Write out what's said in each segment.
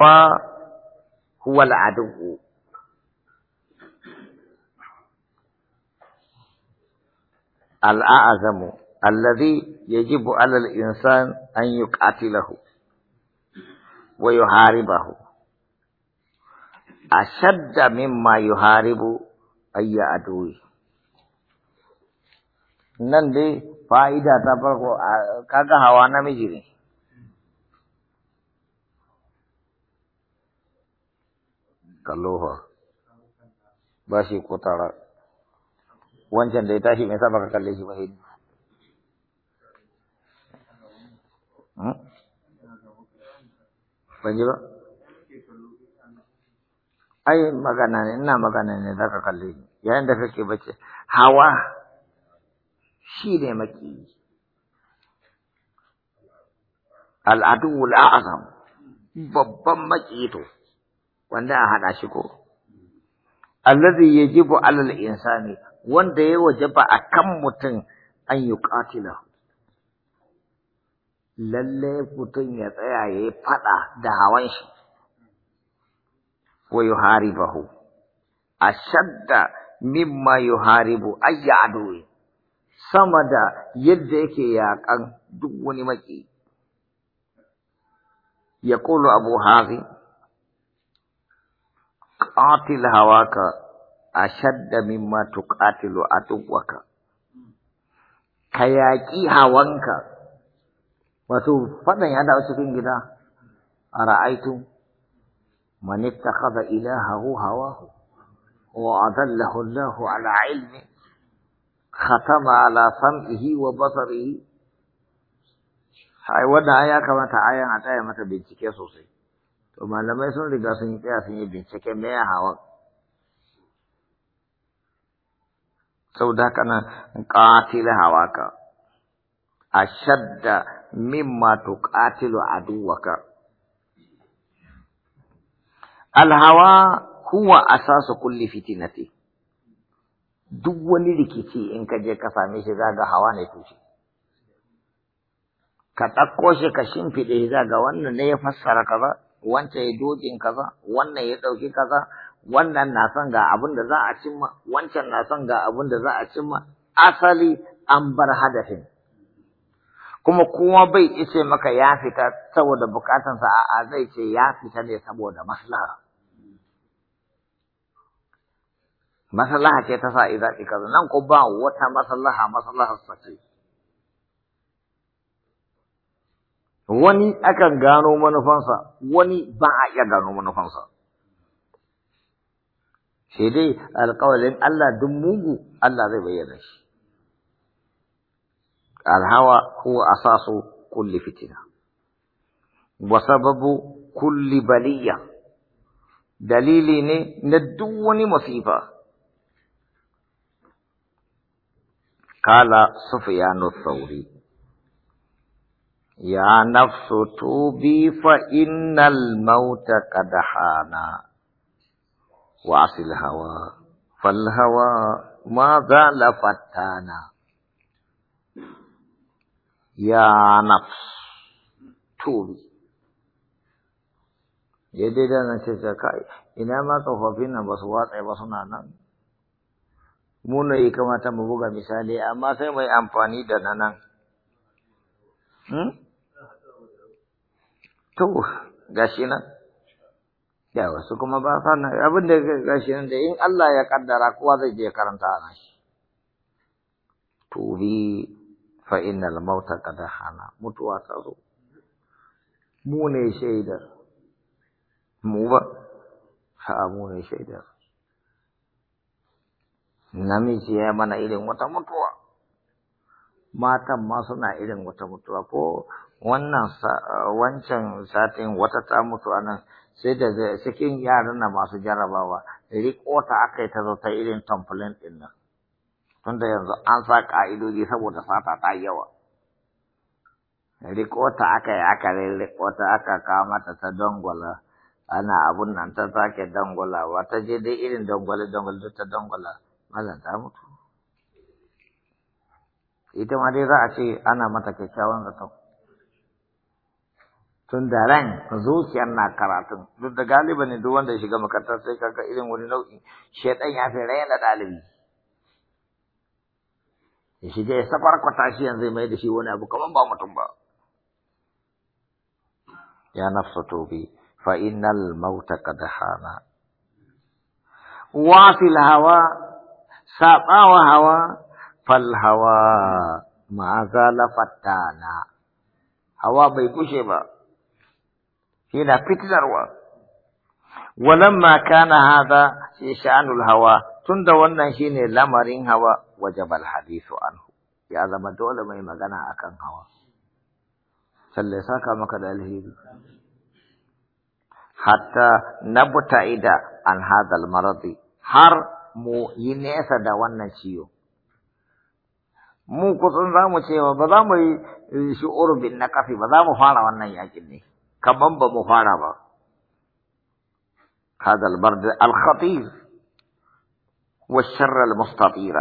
fa huwa al al'azamu alladhi yajibu 'ala al-insan an yuqatilahu wa yuharibahu ashadda mimma yuharibu ayya aduwi nan dai fa'ida ta farko kaga hawa namiji ne kallofa bashi ko tara wancan da ya tashi mai sa baka kalle shi ba hmm? ban ji ba ai magana ne ina magana ne za ka kalle shi yayin da kake bace hawa shi ne maki al'adu al'azam babban maki to wanda a haɗa shi ko allazi yajibu alal insani wanda ya a kan mutum an yuqatila lalle mutum ya tsaya ya yi faɗa da hawan shi wa yuharibahu ashadda mimma yuharibu ayya aduwi sama da yadda yake yaƙan duk wani maki ya abu hazi qatil hawaka ashadda mimma tuqatilu atuwaka ka yaƙi hawanka wato faɗan ya dawo cikin gida a ra'aitu man ittakhadha ilahahu hawahu wa adallahu Allah ala ilmi khatama ala sam'ihi wa basarihi ai wannan aya kamata ayan a tsaya mata bincike sosai to malamai sun riga sun yi tsaya sun yi bincike me ya hawa ka haka nan min hawaka ashadda mimma tuqatilu ka. alhawa huwa asasu kulli fitinati duk wani rikici in ka je ka same shi zaga hawa ne tushe ka ɗakko shi ka shimfiɗe ga wannan ne ya fassara kaza wancan ya dokin kaza wannan ya ɗauki kaza wannan na son ga abin da za a cimma wancan na son ga abin da za a cimma asali an bar hadafin kuma kowa bai ice maka ya fita saboda bukatansa a zai ce ya fita ne saboda maslaha maslaha ce ta sa idan kaza nan ko ba wata maslaha masallaha sace. wani aka gano manufansa wani ba a iya gano manufansa sai dai alƙawalin Allah duk mugu Allah zai bayyana shi alhawa huwa asasu kulli fitina wa sababu kulli baliya dalili ne na duk wani masifa kala سفيان الثوري يا نفس توبي فإن الموت قد حانا وعص الهوى فالهوى ما زال فتانا يا نفس توبي daidai da nan ce ce kai ina ma nan ba su watsa ba suna nan mu ne kamata mu buga misali amma sai mai amfani da na nan to gashi nan ya wasu kuma ba sa abin da gashi nan da in Allah ya kaddara kowa zai je karanta a nan shi tubi fa innal mauta qad hana mutuwa ta zo mu ne shaidar mu ba fa mu ne namiji ya mana irin wata mutuwa matan ma suna irin wata mutuwa ko wannan wancan satin wata ta mutu anan sai da cikin yaran na masu jarabawa riko ta aka yi ta zo ta irin tamfulin ɗin nan tunda yanzu an sa ka'idoji saboda sata ta yawa riko ta aka yi aka riko ta aka kawo mata ta dangwala ana abun nan ta sake dangwalawa ta je dai irin dangwale dangwale ta dangwala malam ta mutu ita ma dai za a ce ana mata kyakkyawan zato tun da ran zuciyar na karatu. duk da galiba ne duk wanda ya shiga makarantar sai ka ga irin wani nau'i shaidan ya fi raina ɗalibi ya shiga ya safar kwata shi yanzu mai da shi wani abu kamar ba mutum ba ya nafsa tobi fa innal mauta qad hana wa fil hawa saɓawa hawa فالهوى ما زال فتانا هوا بيكوشي با هنا فتزر و ولما كان هذا في شأن الهوى تند ون هنا لمرين هوى وجب الحديث عنه يا زما دولة ما يمغنى أكن هوى صلى ساكا مكد الهيد حتى نبتعد عن هذا المرض هر مو ينسى دوان نشيو mu kusan za mu cewa ba za mu yi eh, shi'ur bin na ba za mu fara wannan yakin ne kaman ba mu fara ba هذا البرد الخطير والشر المستطير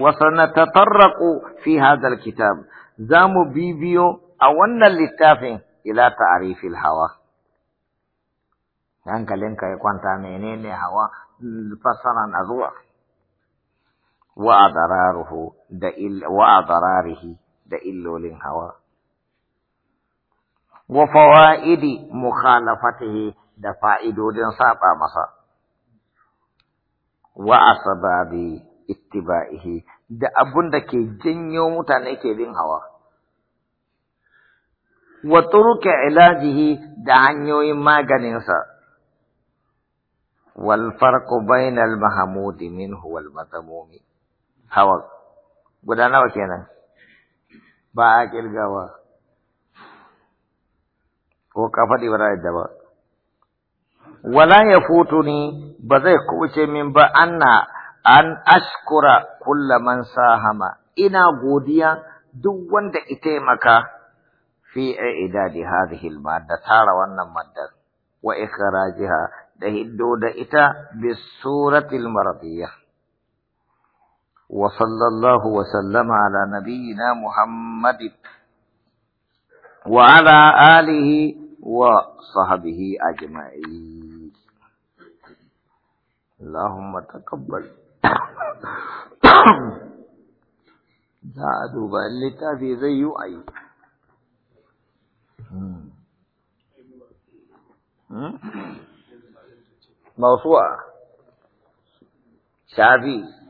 وسنتطرق في هذا الكتاب زام بيبيو أولنا للتافه إلى تعريف الهوى يعني كلمة يكون تامينين هوا فصلا أذوع wa da da illolin hawa wa fawaidi mukhalafatihi da fa'idodin saɓa masa wa asbabi ittiba'ihi da abun da ke janyo mutane ke bin hawa wa turuka ilajihi da hanyoyin maganinsa wal farqu bainal mahmudi minhu wal حوال قدانا وكينا باعك الغوا وقفة وراء الدواء ولا يفوتني بذي كوشي من بأن أن أشكر كل من ساهم إنا غوديا دوان دا إتيمك في إعداد هذه المادة تارا وانا مادة وإخراجها دهدو دا إتا بالصورة المرضية وصلى الله وسلم على نبينا محمد وعلى آله وصحبه أجمعين اللهم تقبل لا a duba في ذي أي موسوعة شعبي